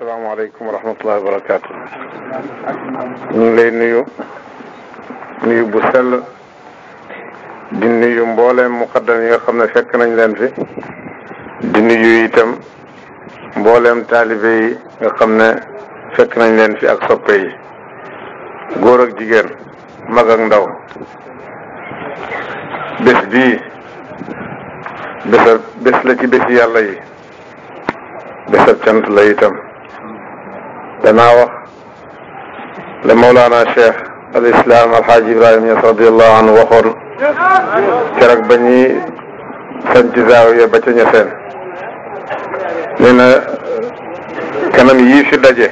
asalaamaaleykum wa rahmatullahi wa barakaatu. ñu lay nuyu. nuyu bu sell. di nuyu mbooleem muqaddam yi nga xam ne fekk nañ leen fi. di nuyu itam. mbooleem taalibe yi nga xam ne fekk nañ leen fi ak soppe yi. góor jigéen. mag ndaw. bés bii. bés la ci bési yàlla yi. bésab cant la itam danaa wax la Mawlana Cheikh al Islam Alxaaji Ibrahima Niass radiallahu anhu waxoon keroog ba ñuy sant zaawiya ba ca ña seen nee na kanam yii fi daje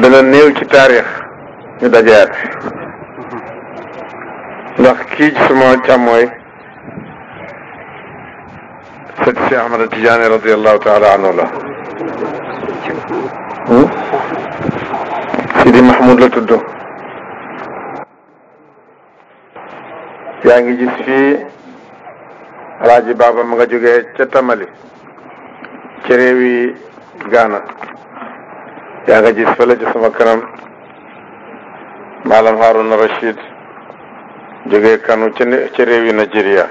dana néew ci taarix ñu dajeaat ndax kii ci suma càmmooy sët si Ahmad Tijaani radiallahu taala anhu la Sidi Mahmoud la tudd yaa ngi gis fii alaaji baaba ma nga jógee ca Tamali ci réewi Gaana yaa nga gis fële ci sama kanam Malam Haruna Rachid jógee Kano ci réewi Nigeria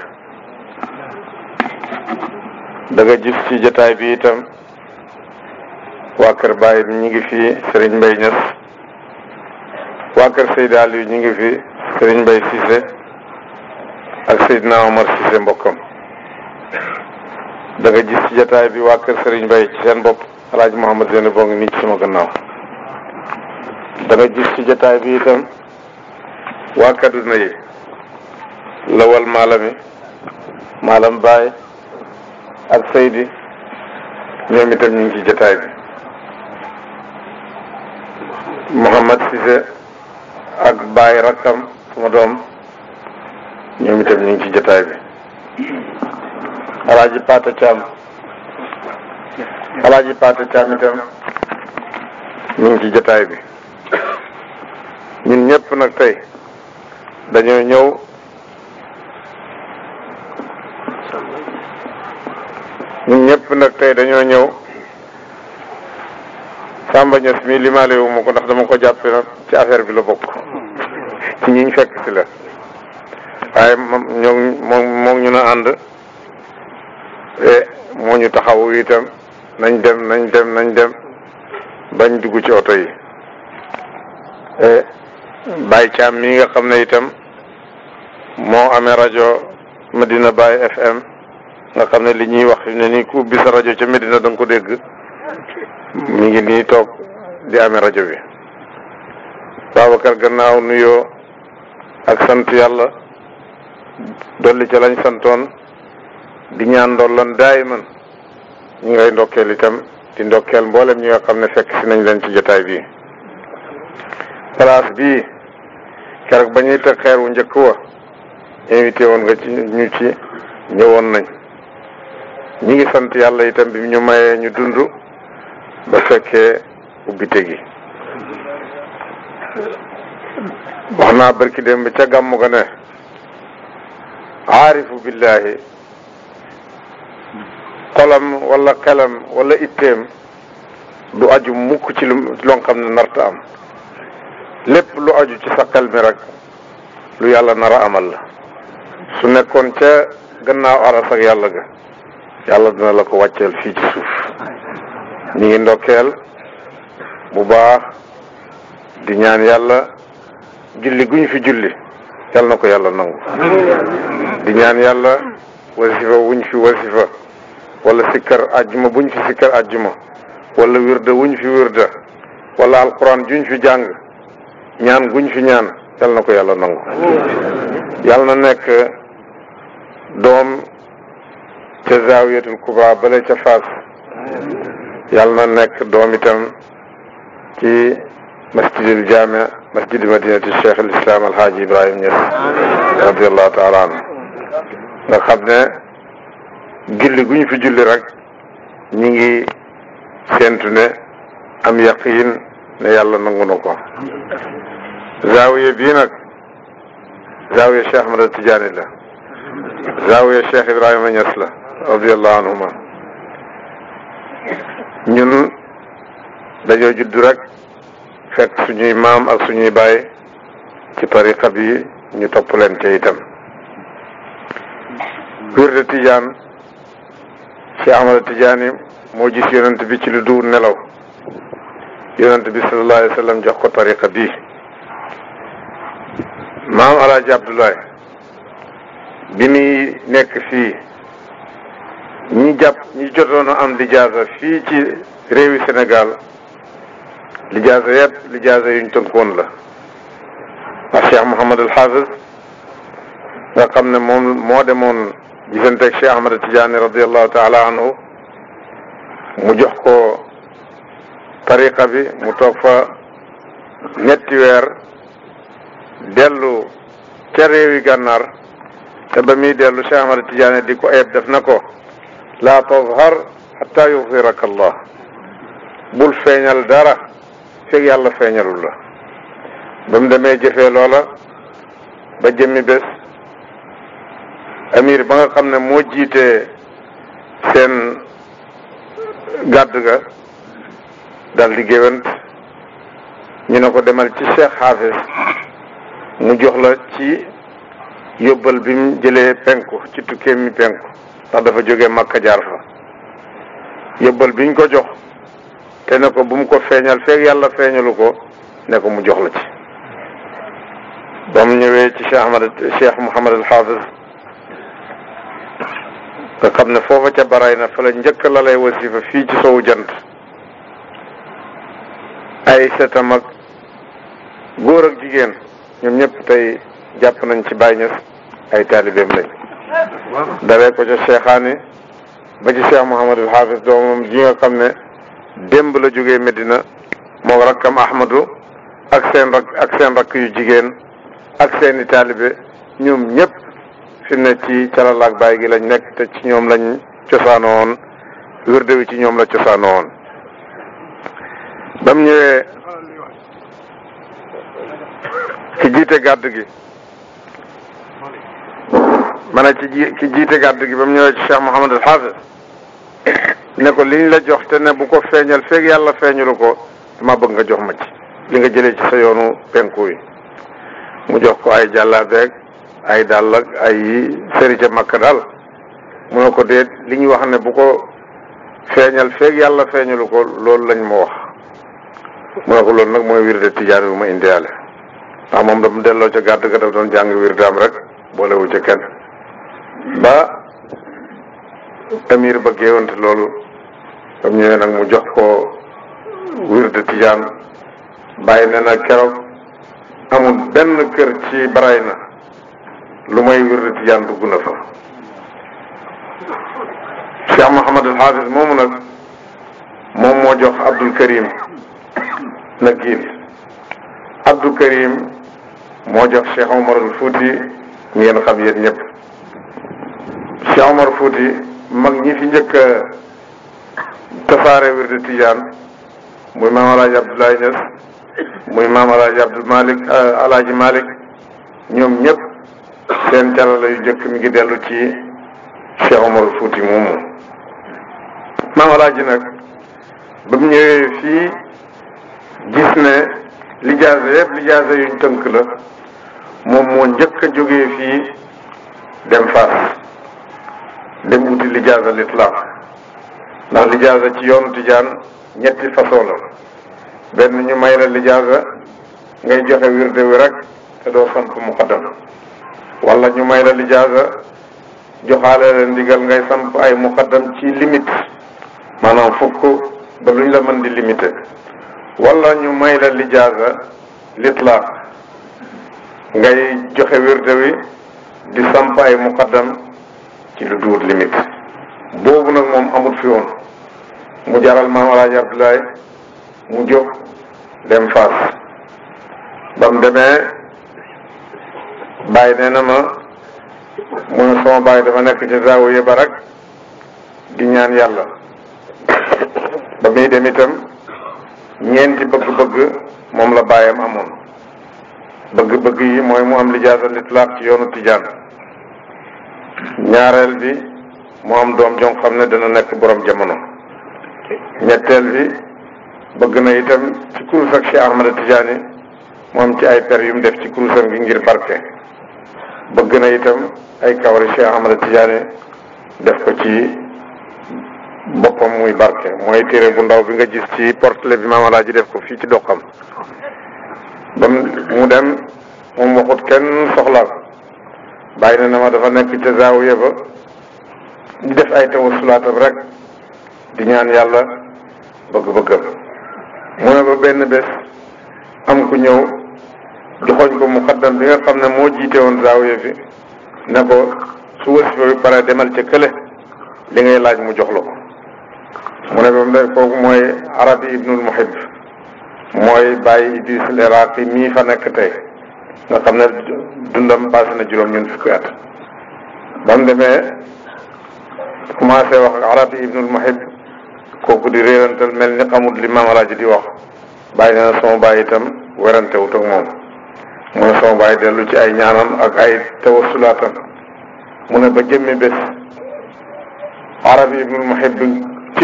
da nga gis ci jataay bi itam waa kër bàyyi bi ñu ngi fii Serigne mbay Niass waa kër Seydou Aliou ñu ngi fii sëriñ Mbaye Cissé ak Seydina Omar Cissé mbokkam da nga ci jataay bi waa kër Serigne Mbaye ci seen bopp El Hadj Mouhamed Zeyna boo ngi nii ci sama gannaaw da nga ci jataay bi itam waa Kaduna yi lawal maalami maalam Baye ak Seydi ñoom itam ñu ngi jataay bi. Mouhamad Cissé ak Baye Rakkam sama doom ñoom itam ñu ngi ci jotaay bi alaaji Pata Thiam alaaji Pata Thiam itam ñu ngi ci jotaay bi ñu ñëpp nag tey dañoo ñëw ñu ñëpp nag tey dañoo ñëw Samba Niass mii limaale wu ma ko ndax dama ko jàppe nag ci affaire bi la bokk ci ñi ñu fekk si la waaye moom ñoo ñu na ànd e moo ñu taxaw itam nañ dem nañ dem nañ dem bañ dugg ci oto yi e Baye Thiam mii nga xam ne itam moo amee rajo Medina Baye FM nga xam ne li ñuy wax ne nii ku ubbi sa rajo ca dina da ko dégg mi ngi nii toog di amee rajo bi Babacar gannaaw nuyoo ak sant yàlla dolli ca lañ santoon di ñaan doon ndolloon daay man ñi ngay ndokkeel itam di ndokkeel mboolem ñi nga xam ne fekk si nañ leen ci jotaay bii place bii keroog ba ñuy teg xeer wu njëkk wa invité woon nga ci ñu ci ñëwoon nañ ñi ngi sant yàlla itam bi ñu mayee ñu dund ba fekkee ubbite gi wax naa barki dem ca gàmmu ga ne aarifu billahi xolam wala xelam wala itteem du aju mukk ci lu xam ne narta am lépp lu aju ci sa mi rek lu yàlla nara a amal su nekkoon ca gannaaw aras ak yàlla ga yàlla dina la ko wàccel fii ci suuf ñu ngi ndokkeel bu baax di ñaan yàlla julli guñ fi julli yàlla na ko yàlla nangu di ñaan yàlla wasifa wuñ fi wasifa walla sikkar ajjuma buñ fi sikkar ajjuma wala wirda wuñ fi wirda wala alquran juñ fi jàng ñaan guñ fi ñaan yàlla na ko yàlla nangu yàlla na nekk doom ca zaawiyatul kubra ca faas yàlla na nekk doom itam ci masjidil jaamia masjid madinati cheikh al islam alhaaji ibrahim Niass radiallahu taala anhu nga xam ne julli gu ñu fi julli rek ñi ngi séentu ne am yaqiin ne yàlla nangu na ko zaawiya bii nag zaawiya cheikh Ahmad Tijaani la zaawiya cheikh ibrahima Niass la radiallahu anhuma ñun dañoo juddu rek fekk suñuy maam ak suñuy baay ci tariqa bi ñu topp leen ca itam wirde tijaan ci Ahmada Tijaani moo gis yonent bi ci lu du nelaw yonent bi sallallahu alayhi jox ko tariqa bii maam alaaji Abdoulaye bi muy nekk fii ñi jàpp ñi jotoon am lijaasa fii ci réewi Sénégal lijaasa yépp lijaasa yuñ tënkoon la ak Cheikh Mouhamad al Hafiz nga xam ne moom moo demoon gisanteeg Cheikh Ahmad Tidiane radiallahu taala anhu mu jox ko tariqa bi mu toog fa ñetti weer dellu ca réewi gànnaar te ba muy dellu Cheikh Ahmad Tidiane di ko eeb def na ko laa tazhar xatta yuzhiraka allah bul feeñal dara fekk yàlla feeñalul la ba mu demee jëfee loola ba jëmmi bés amir ba nga xam ne moo jiite seen gàdd ga dal di géwant ñu ne ko demal ci Cheikh Hafiz mu joxla ci yóbbal bi mu jëlee penku ci tukkeem mi penku ndax dafa jóge Makka jaar fa yóbbal biñ ko jox te ne ko bu mu ko feeñal feeg yàlla feeñalu ko ne ko mu jox la ci ba mu ñëwee ci Cheikh Ahmad Cheikh nga xam ne foofa ca baray na fa la njëkk la lay wasifa fii ci sowu jant ay setam ak góor ak jigéen ñoom ñëpp tey jàpp nañ ci Baay Ñas ay taalibeem lañ dawee ko ca Cheikhaani ba ci Cheikh Mouhamadul Hafiz doomam ji nga xam ne démb la jógee Medina moo rakkam Ahmadu ak seen rakk yu jigéen ak seeni i taalibe ñoom ñëpp fi ne ci calalaak baay gi lañ nekk te ci ñoom lañ cosaanoo woon wérde wi ci ñoom la cosaanoo woon bam ñëwee ki jiite gàdd gi ma ne ci ji jiite gàddu gi ba mu ñëwee ci Cheikh Mouhamad al ne ko liñ la jox te ne bu ko feeñal feeg yàlla feeñalu ko dama bëgg nga jox ma ci li nga jëlee ci sa yoonu penku mu jox ko ay jàllaabeeg ay dàll ay sëri ca makka daal mu ne ko déet li ñu wax ne bu ko feeñal feeg yàlla feeñalu ko loolu lañ moo wax mu ko loolu nag mooy wirde tijaan bu ma indiyaale ndax moom dam delloo ca gàddu ga daf doon jàng wirdaam rek boolewu ca kenn ba amir bëggee wante loolu am ñëwee nag mu jox ko wirde tijaan bàyyi ne na keroog benn kër ci baray na lu may wirde tijaan dugg na fa cheikh mohamad al hafiz moomu nag moom moo jox abdul karim nag abdul karim moo jox cheikh omar al fuuti ngeen xam yéen ñëpp Omar mag ñi fi njëkk a tasaare wirdu Tijaan muy maam Alaaji Abdoulaye muy maam Alaaji Abdou euh, Malick ñoom ñëpp seen calala yu njëkk mi ngi dellu ci Cheikh Omar Fouti moomu maam Alaaji nag ba mu ñëwee fii gis ne lijaasa yëpp lijaasa yuñ tënk la moom moo njëkk a jógee fii dem Fass dem wuti lijaasa lislaam ndax lijaasa ci yoonu tijaan ñetti façon la benn ñu may la lijaasa ngay joxe wirde wi rek te doo sant muqaddam wala ñu may la lijaasa joxaale la ndigal ngay samp ay muqaddam ci limite maanaam fukk ba luñ la mën di limité wala ñu may la lijaasa litlaaq ngay joxe wirde wi di samp ay muqaddam ci lu duur limite boobu nag moom amut fi woon mu jaral maam alaaji Abdoulaye mu jóg dem Fass ba demee bàyyi nee na ma mu ne sama bàyyi dama nekk ci zaawu yëba rek di ñaan yàlla ba muy dem itam ñeenti bëgg-bëgg moom la bàyyam amoon bëgg-bëgg yi mooy mu am lijaasa litlaq ci yoonu tijaan ñaareel bi mu doom joo xam ne dana nekk boroom jamono ñetteel bi bëgg na itam ci kurus ak Cheikh Ahmada Tidiane mu am ci ay per yu def ci kurusam bi ngir barke bëgg na itam ay kawari Cheikh Ahmada Tidiane def ko ci boppam muy barke mooy téere bu ndaw bi nga gis ci portele bi maam Alaaji def ko fii ci doxam ba mu dem moom waxut kenn soxla bàyyi na ne ma dafa nekk ca zaawiya ba di def ay tawasulaatam rek di ñaan yàlla bëgg-bëggam mu ne ba benn bés am ku ñëw joxoñ ko muqaddam bi nga xam ne moo jiite woon zaawiya bi ne ko su wasifa bi pare demal ca kële li ngay laaj mu jox la ko mu ne ba mu ne kooku mooy arabi ibnul muhib mooy bàyyi idris al iraqi mii fa nekk tey nga xam ne dundam passé na juróom ñun fukki at ba mu demee commencé wax ak arabi ibnul muhib kooku di réerantal mel ni xamut li maam alaaji di wax bàyyi na ne sama bàyyi itam werante wut moom ci ay ñaanam ak ay tawasulaatam mu ne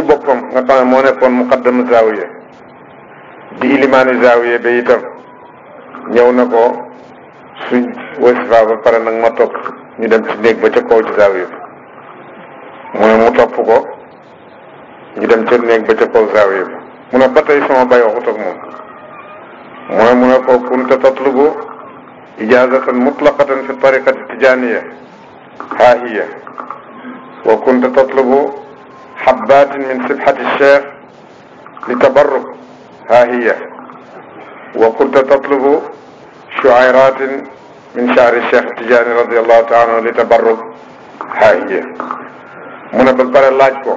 ba moo nekkoon muqaddam zaawiye di ilimaani zaawiye ba itam ñëw na ko suñ wasifa ba pare nag ma topp ñu dem ci néeg ba ca kaw ci zaawiya ba mu ne mu topp ko ñu dem ca néeg ba ca kaw zaawiya ba mu ne ba tey sama bay waxut ak mu ne mu ne ko kunta tatlubu ijaazatan mutlaqatan fi tariqati tijaaniya haa hiya wa kunta tatlubu xabbaatin min sibxati cheikh li tabarruk haa hiya wa kunta tatlubu shuayratin min shahri cheikh Tidiane radiallahu taala anhu li tabarruk haajiya mu ne ba pare laaj ko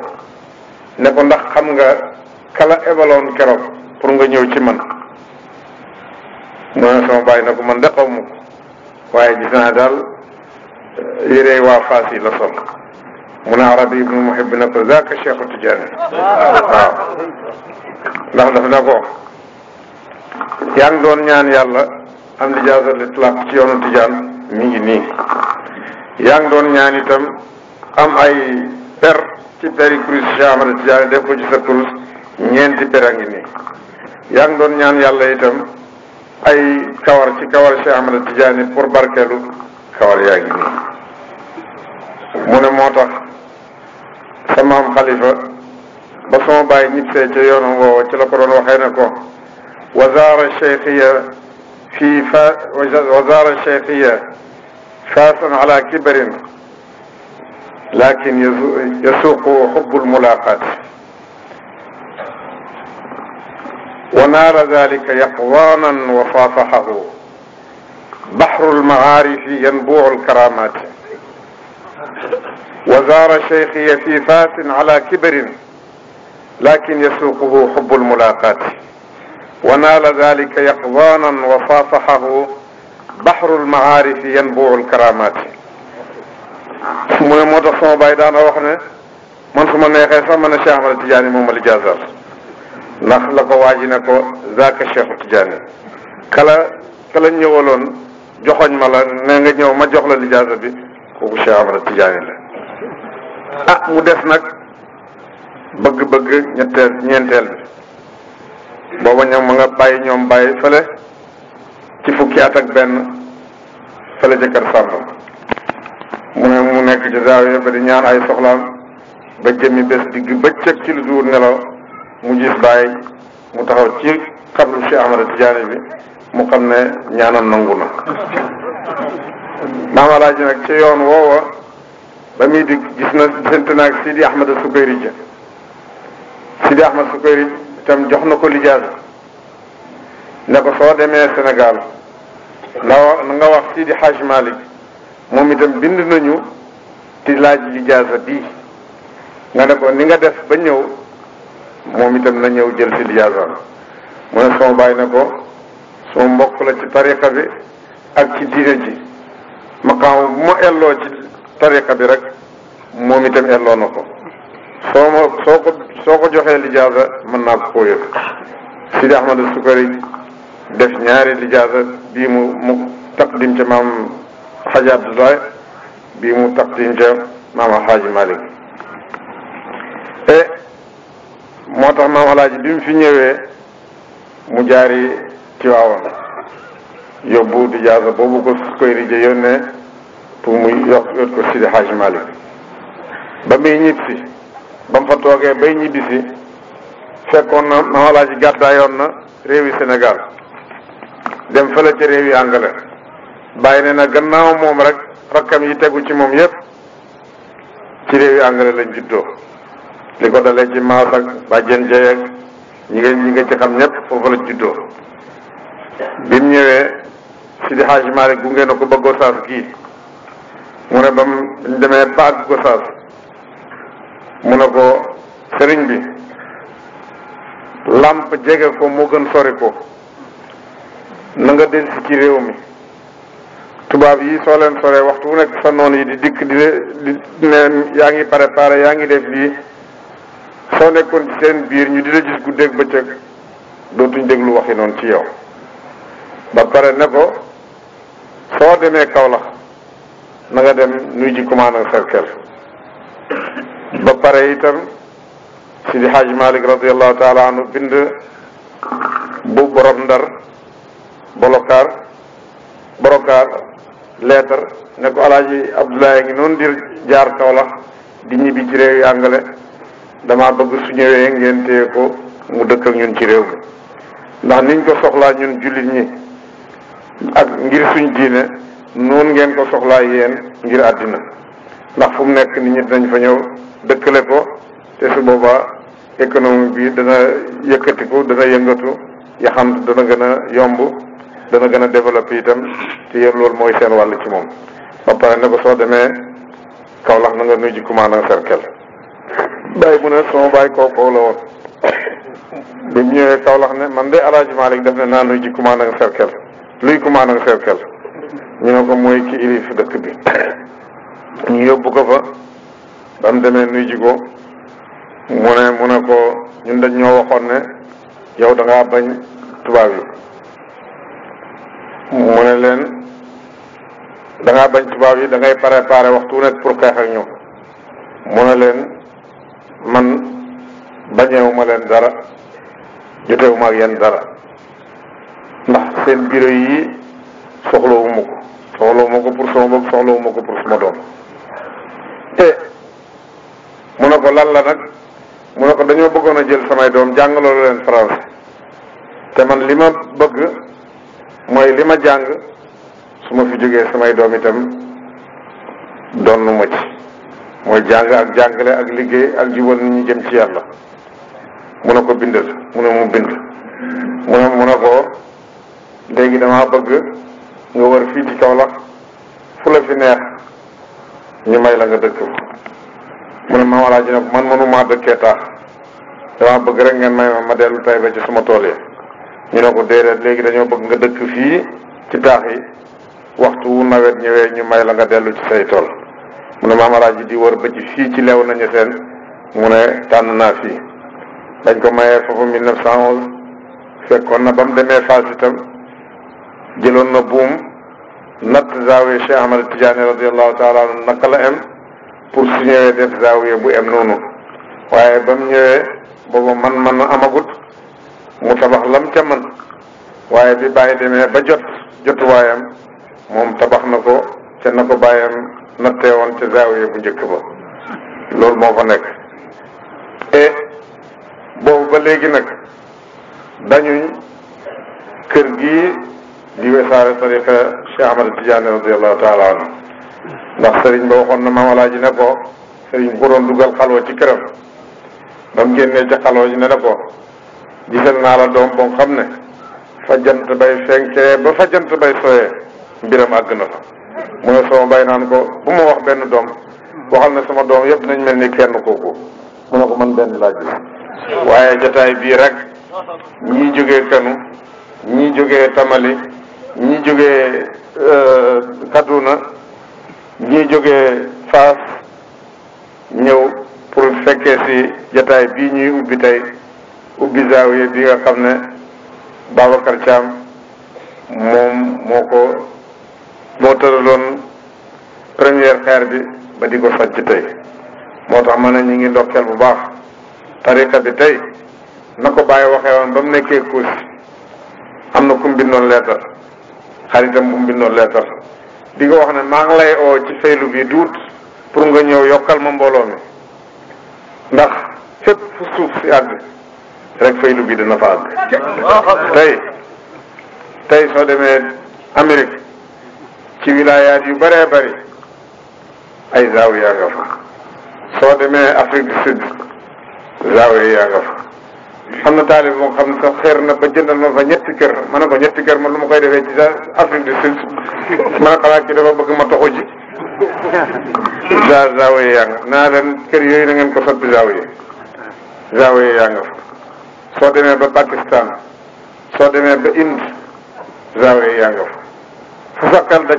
ne ko ndax xam nga kala ebaloon keroog pour nga ñëw ci man mu ne sama bàyyi na ko man de xaw ma ko waaye gis naa daal eh, yére waa Fass yi la sol mu ne arabi ibnu muhib na ko zaaka cheikhu Tidiane waaw ndax daf na ko yaa ngi doon ñaan yàlla am ijaazatul itlaaq ci yoonu tijaan mi ngi nii yaa ngi doon ñaan itam am ay per ci peri kurus Cheikh Ahmad Tidiane def ko ci sa kurus ñeenti per a ngi nii yaa ngi doon ñaan yàlla itam ay kawar ci kawar Cheikh Ahmad Tidiane pour barkeelu kawar yaa ngi nii mu ne moo tax sa maam xalifa ba sama bàyyi ñib see ca yoonu woowa ci la ko doon waxee ne ko wazaara cheikhiya في وزارة شيخية فاس على كبر لكن يسوق حب الملاقاة ونال ذلك يقظانا وصافحه بحر المعارف ينبوع الكرامات وزار شيخي في فاس على كبر لكن يسوقه حب الملاقاة wanaala dalika yaqdaanan wa faasaxahu baxrul maarif yanbuul karamaat mu ne moo tax sama baay daana wax ne man su ma neexee sax ma ne Cheikh Ahmad Tidiane moom al ijaazal ndax la ko waaji ne ko zaaka Cheikh Tidiane kala kala ñëwaloon joxoñ ma la ne nga ñëw ma jox la lijaaza bi kooku Cheikh Ahmad Tidiane la ah mu des nag bëgg-bëgg ñetteel ñeenteel booba ñoom ma nga bàyyi ñoom bàyyi fële ci fukki at ak benn fële ca kër mu nekk ci zaawiya ba di ñaan ay soxlaam ba jëmmi bés digg bëccëg ci lu duur nelaw mu gis bàyyi mu taxaw ci xabru Cheikh Ahmada Tijaani bi mu xam ne ñaanam nangu na maam alaaji nag ci yoon woowa ba muy digg gis na gisante naag Sidi Ahmada Sukayri ja Sidi Ahmad Sukayri tam jox na ko lijaasa ne ko soo demee Sénégal nga wax nga wax Sidi Hadj Malick moom itam bind nañu ci laaj lijaasa bi nga ne ko ni nga def ba ñëw moom itam na ñëw jël si lijaasa mu ne sama bàyyi na ko sama mbokk la ci tariqa bi ak ci diine ji maqaam bu ma elloo ci tariqa bi rek moom itam elloo na ko soo ma soo ko soo ko joxee lijaasa mën naa ko koo yóbbu Sidi Ahmad Sukari def ñaari lijaasa bii mu mu taqdim ca maam Xaji Abdoulaye bii mu taqdim ca maam Alxaaji Malik e eh, moo tax maam Alxaaji bi mu fi ñëwee mu jaari Tiwaawoon yóbbu lijaasa boobu ko Sukari ja yónnee pour mu yokk ko Sidi Xaaji Malik ba muy ñibbisi ba mu fa toogee bay ñibbisi fekkoon na mawalaa ji gàddaayoon na réewi Sénégal dem fële ca yi Angale bàyyi ne na gannaaw moom rek rakkam yi tegu ci moom yépp ci réewi Angale lañ juddoo li ko dalee ci maas ak bàjjen jey ak ñi nga ñi nga ci xam ñépp foofu la juddoo bi mu ñëwee Sidi Hadj Malick gunge na ko ba Gosaas gii mu ne ba mu demee ba ak Gosaas mu ne ko sëriñ bi làmp jege ko moo gën sori ko na nga delsi ci réew mi tubaab yi soo leen soree waxtu bu nekk sa noon yi di dikk di di ne yaa ngi préparé yaa ngi def lii soo nekkoon ci seen biir ñu di la gis guddeeg bëccëg dootuñ déglu waxi noonu ci yow ba pare ne ko soo demee Kaolack na nga dem nuy ji commandant cercle ba pare itam Sidi Hadj Malick radiallahu taala bind bu borom ndar bolokaar borokaar leetar ne ko alaaji Abdoulaye ngi noonu di jaar Kaolack di ñibbi ci réew dama bëgg su ñëwee ko mu dëkk ak ñun ci réew mi ndax niñ ko soxlaa ñun jullit ñi ak ngir suñ diine noonu ngeen ko soxlaa yéen ngir àddina ndax fu mu nekk nit ñi dinañ fa ñëw dëkkale ko te su boobaa économie bi dana yëkkatiku dana yëngatu yaxam dana gën a yomb dana gën a développé itam te yéen loolu mooy seen wàll ci moom ba pare ne ba soo demee Kawlax na nga nuy ji commande nga cercle bàyyi mu ne sama bàyyi kooku la woon bi mu ñëwee Kawlax ne man de Alaaji Malik def ne naa nuy ji commande nga cercle luy commande nga cercle ñu ne ko mooy ki ilif dëkk bi ñu yóbbu ko fa ba mu demee nuy ji ko mu ne mu ne ko ñun dañ ñoo waxoon ne yow dangaa bañ tubaab yi mu ne leen dangaa ngaa bañ tubaab yi da ngay préparer waxtu nekk pour xeex ak ñoom mu ne leen man bañeewuma leen dara jotewuma ak yéen dara ndax seen bureau yi soxlawuma ko soxlawuma ko pour sama bopp soxlawuma ko pour sama doom ko la nag mu ne ko dañoo bëggoon a jël samay doom jàngaloo leen français te man li ma bëgg mooy li ma jàng su ma fi jógee samay doom itam doon nu ma ci mooy jàng ak jàngale ak liggéey ak jubal nit ñi jëm ci yàlla mu ne ko bindal mu ne mu bind mu ne mu ne ko léegi damaa bëgg nga war fii ci Kaolack fu la fi neex ñu may la nga dëkk mu ne ma walla ji nag man mënu maa taax dama bëgg rek ngeen may ma ma dellu tay ba ci suma tool yi ñu ne ko déedéet léegi dañoo bëgg nga dëkk fii ci taax yi waxtu nawet ñëwee ñu may la nga dellu ci say tool mu ne maam alaaji di war ba ci fii ci leew nañu seen mu ne tànn naa fii dañ ko mayee foofu mille neuf cent onze fekkoon na ba mu demee Fass itam jëloon na buum natt zaawee Cheikh Ahmad Tidiane radiallahu taala naka la am pour su ñëwee def zaawiya bu em noonu waaye ba mu ñëwee booba man man amagut mu tabax lam ca man waaye bi bàyyi demee ba jot jotuwaayam moom tabax na ko ca na ko bàyyam natteewoon ca zaawiya bu njëkk ba loolu moo fa nekk te boobu ba léegi nag dañuy kër gi di wesaare tariqa Cheikh Ahmad Tidiane radiallahu taala ndax sëriñ ba waxoon na ma walaaji ne ko sëriñ bu ko dugal xalwa ci këram ba mu ci xalwa ji ne ne ko gisal naa la doom boo xam ne fa jant bay fenkee ba fa jant bay sooyee mbiram àgg na fa mu ne sama bay naan ko bu ma wax benn doom waxal ne sama doom yëpp nañ mel ni kenn ko mu ne ko man benn laaj waaye jataay bii rek ñii jógee kanu ñii jógee tamali ñii jógee euh, kaduna ñi jóge Fass ñëw pour fekkee ci jataay bii ñuy ubbi tey ubbi zaawiya bi nga xam ne Babacar Thiam moom moo ko moo tëraloon première xeer bi ba di ko sàcc tey moo tax ma ne ñu ngi ndokkeel bu baax tariqa bi tey na ko bàyyi waxee woon ba mu nekkee kuus am na ku mu bindoon leetar xaritam bu mu leetar di ko wax ne maa ngi lay oo ci faylu bii dut pour nga ñëw yokkal ma mbooloo mi ndax fépp fu suuf si àgg rek faylu bii dina fa àgg tey tey soo demee Amérique ci wilaayaat yu bëree bëri ay zaawiya yaa nga fa soo demee Afrique du Sud zaawiya yaa nga fa am na taalib moom xam ne sax xeer na ba jëndal ma fa ñetti kër ma ne ko ñetti kër man lu ma koy defee ci sa Afrique du Sud ma ne xalaat ki dafa bëgg ma toxu ji za zaawee naa leen kër yooyu na ngeen ko soppi zaawee zaawee yaa nga fa soo demee ba Pakistan soo demee ba Inde zaawee yaa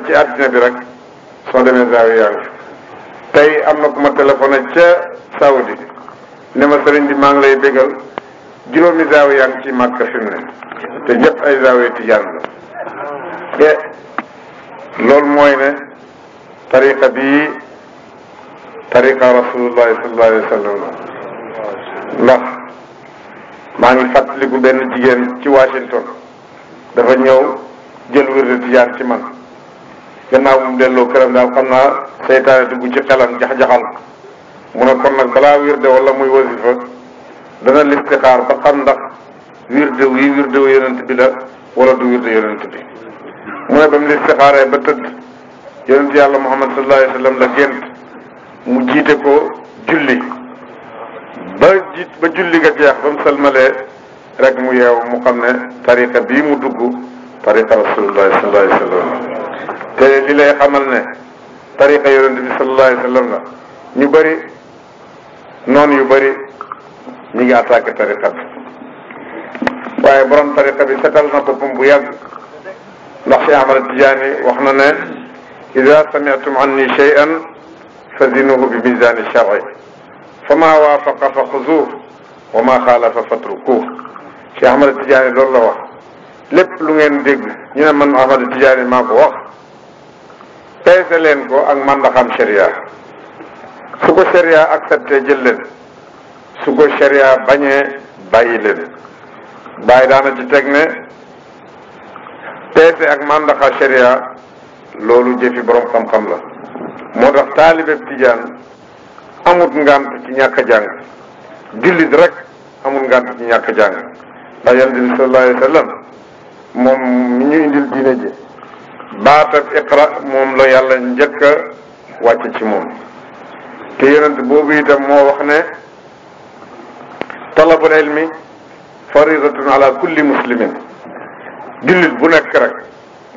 ci àddina bi rek soo demee am na ku ma téléphoné ca ne ma sëriñ bi maa ngi lay bégal juróomi zaaw yaa ngi ci màkk fi ne te ñëpp ay zaawee tijaan la te loolu mooy ne tariqa bii tariqa rasulullahi sallallahu wa sallam ndax maa ngi fàttaliku benn jigéen ci Washington dafa ñëw jël wérde tijaan ci man gannaaw bu mu delloo këram daal xam naa seytaane dugg ci xelam jax-jaxal mu ne kon nag balaa wérde wala muy wasifa la listixaar ba xam ndax wirde wi wirde wu yonent bi wala du wirde yonent bi mu ne ba mu listixaaree ba tëdd yonent yàlla muhammad sallallahu alayhi wa sallam la gént mu jiite ko julli ba jiit julli ga ba mu salmalee rek mu yeew mu xam ne tariqa bii mu dugg tariqa rasulullahi sallallahu alayhi wa sallam la ñu bëri noonu yu bëri ñu ngi attaqué tariqa bi waaye borom tariqa bi setal na boppam bu yàgg ndax Cheikh Ahmad Tidiane wax na ne ida samiatum anni shay'an fazinuhu bi mizani shar'i fa ma waafaqa fa xuzuuh wa ma xaalafa fatrukuuh Cheikh Ahmad Tidiane loolu la wax lépp lu ngeen dégg ñu ne man Ahmad Tidiane maa ko wax peese leen ko ak man ndaxam sharia su ko sharia accepté jël leen su ko sharia bañee bàyyi leen bàyyi daana ci teg ne peese ak mandaxa sharia loolu jëfi borom xam-xam la moo tax taalibe tijaan amut ngant ci ñàkk jàng jullit rek amut ngant ci ñàkk jàng ndax yonent bi sallallahu moom mi ñu indil diine ji baatab iqra moom la yàlla njëkk a ci moom te yonent boobu itam moo wax ne talabul ilmi faridatun ala kulli muslimin jullit bu nekk rek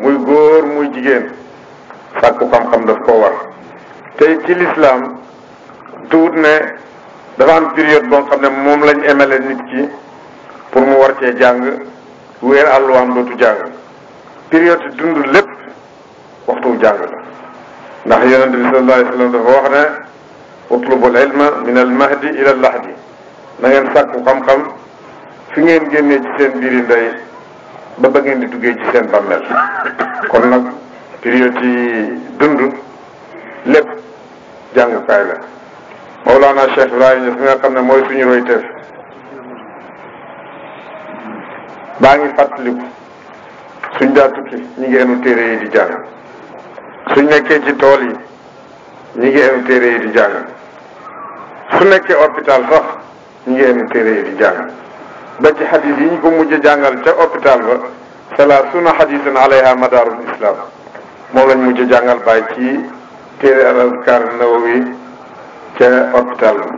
muy góor muy jigéen sàkku xam-xam daf ko war tey ci lislaam tuut ne dafa am période boo xam ne moom lañ emale nit ki pour mu war cee jàng wéer àlluwaam dootu jàng période dund lépp waxtu jàng la ndax yonente bi sallallahu alayhi wa sallam dafa wax ne utlubul ilma min al mahdi ila al lahdi na ngeen sàkku xam-xam fi ngeen génnee ci seen biiri ndey ba ba di duggee ci seen bàmmeel kon nag période yi dund lépp jàngukaay la Mawlana Cheikh Ibrahima Niass mi nga xam ne mooy suñu roy teef baa ngi fàttaliku suñ daa tukki ñi ngi enu téere yi di jàng suñ nekkee ci tool yi ñi ngi enu téere yi di jàng su nekkee hôpital sax ñu ngi indi téere yi di jàng ba ci xadis yi ñu ko mujj jàngal ca hôpital ba salaasuna xadisan alayha madaarul islam moom lañ mujj jàngal bàyyi ci téere al azkaar nawawi ca hôpital ba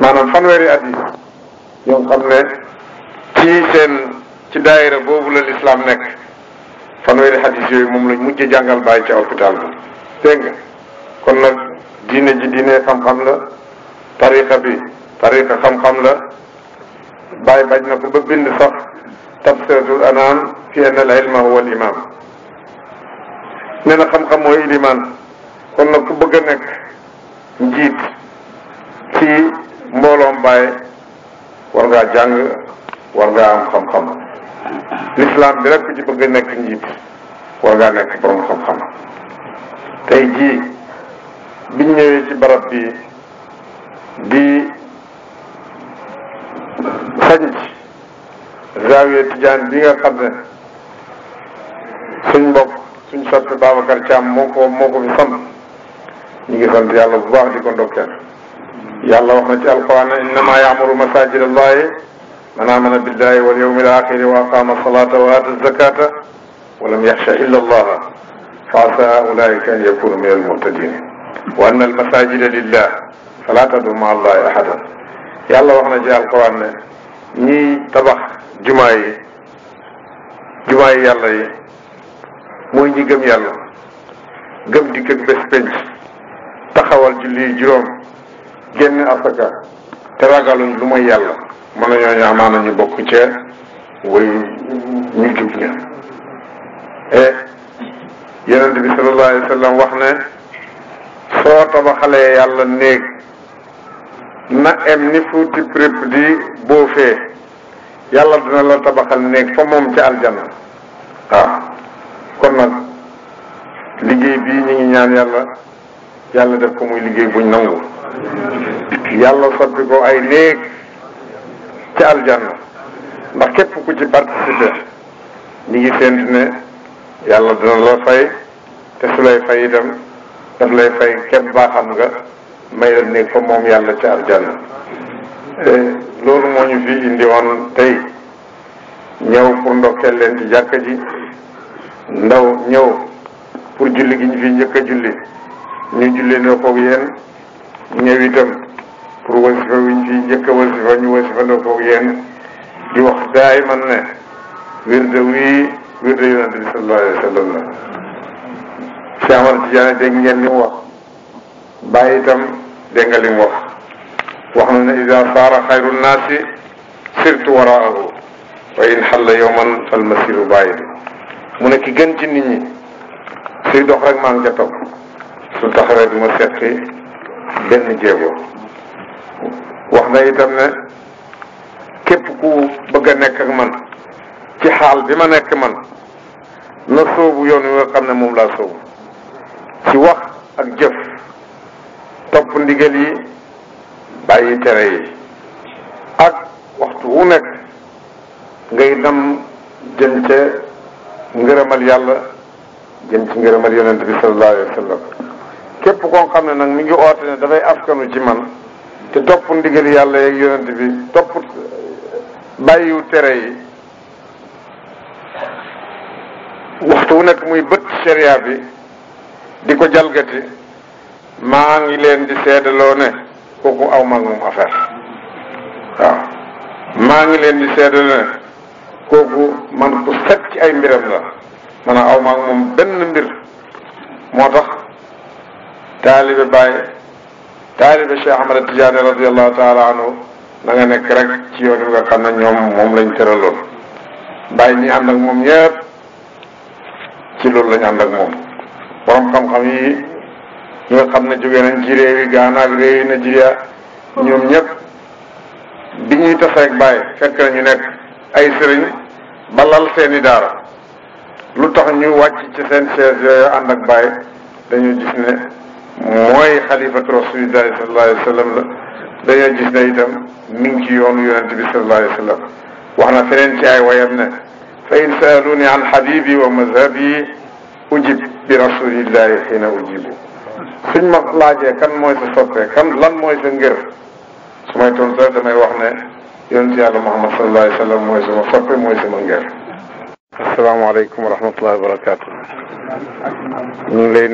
maanaam fanweeri hadis la lislaam nekk yooyu moom lañ mujj jàngal bàyyi ca hôpital ba dégg kon nag diine ji diine xam-xam la tariqa bi tariqa xam-xam la bàyyi bañ na ko ba bind sax tabsiratul anam fi anna al ilma huwa al imam nee na xam-xam mooy ilimaan kon nag ku bëgg a nekk njiit ci mbooloom Baye war ngaa jàng war ngaa am xam-xam l'islam bi rek ku ci bëgg a nekk njiit war ngaa nekk borom xam-xam tey jii biñ ñëwee ci barab bi di xaju ci zaawiya tijaan bi nga xam ne suñ mbokk suñ soppe Babacar Thiam moo ko moo ko fi sant ñu ngi sant yàlla bu baax di ko ndokkeel yàlla wax na ci alquran innama yaamuru masajid allahi man amana billahi wal yawmi al axiri wa aqama salata wa ata zakata wa lam yaxsha illa allaha fa asa ulaika an yakunu min almuhtadin wa anna almasajida lillah fala tadu ma allahi ahadan yàlla wax na ci alxuraan ne ñiy tabax jumaa yi jumaa yi yàlla yi mooy ñi gëm yàlla gëm di gëm bés penc taxawal julli juróom génn asaka te ragaluñ lu may yàlla mën nañoo ñaamaana ñu bokk cee way ñu jub ña e bi sallallahu alayhi wax ne soo tabaxalee yàlla néeg na em ni fuuti prépp di boofee yàlla dina la tabaxal néeg fa moom ca aljana waaw ah. kon nag liggéey bi ñu ngi ñaan yàlla yàlla def ko muy liggéey buñ nangu yàlla soppi ko ay néeg ca aljana ndax képp ku ci participer ñu ngi séntu ne yàlla dina la fay te su lay fay itam daf lay fay képp baaxam nga may leen néeg fa moom yàlla ca aljanna loolu moo ñu fi indi woon tey ñëw pour ndokkeel leen ci jàkka ji ndaw ñëw pour julli gi ñu fi njëkk a julli ñu julli noo koog yéen ñëw itam pour wasifa wi ñu wasifa ñu wasifa noo koog yéen di wax daay man ne wirde wii wirde yonente bi sallallahu alayhi wa sallam la Cheikh Amar Tidiane dégg ngeen li mu wax bàyyi itam dégg nga li wax wax na ne ida saara xayru naasi sirtu waraahu wa in xalla yowman almasiru bàyyi bi mu ne ki gën ci nit ñi dox rek maa ngi ca topp su taxawee du ma seet fi wax na itam ne képp ku bëgg a nekk ak ci xaal bi ma nekk man na soobu yoon wi nga xam ne moom laa soobu ci wax ak jëf topp ndigal yi bàyyi tere yi ak waxtu wu nekk ngay nam jëm ca ngërëmal yàlla jëm ci ngërëmal yonent bi sallallahu alayhi képp koo xam ne nag mi ngi oote ne dafay askanu ci man te topp ndigal yàlla yeeg yonent bi topp bàyyiwu tere yi waxtu wu nekk muy bët sharia bi di ko jalgati maa ngi leen di seedaloo ne kooku aw mag moom affaire waaw maa ngi leen di seedaloo ne kooku man ku set ci ay mbiram la maanaam aw mag moom benn mbir moo tax taalibe Baye taalibe Cheikh Ahmad Tidiane radiallahu taala anhu na nga nekk rek ci yoon wi nga xam ne ñoom moom lañ tëraloon Baye ñi ànd ak moom ñëpp ci loolu lañ ànd ak moom borom xam-xam yi ñi nga xam ne jóge nañ ci réew yi Gaana ak réew yi Nigeria ñoom ñëpp bi ñuy tas rek bàyyi fekk na ñu nekk ay sëriñ balal seeni daara lu tax ñu wàcc ci seen chaise yooyu ànd ak bàyyi dañoo gis ne mooy xalifatu rasulillahi sallallahu alayhi wa sallam la dañoo gis ne itam mi ngi ci yoonu yonente bi sallallahu alayhi wa sallam wax na feneen ci ay wayam ne fa in saaluni an habibi wa mazhabi ujib bi rasulillahi xiina ujibu suñ ma laajee kan mooy sa soppee kan lan mooy sa ngër su may toon sax damay wax ne yonent yàlla Muhammad sallallahu alayhi wa sallam mooy sama soppe mooy sama ngër asalaamaaleykum wa rahmatullahi wa barakaatu ñu ngi lay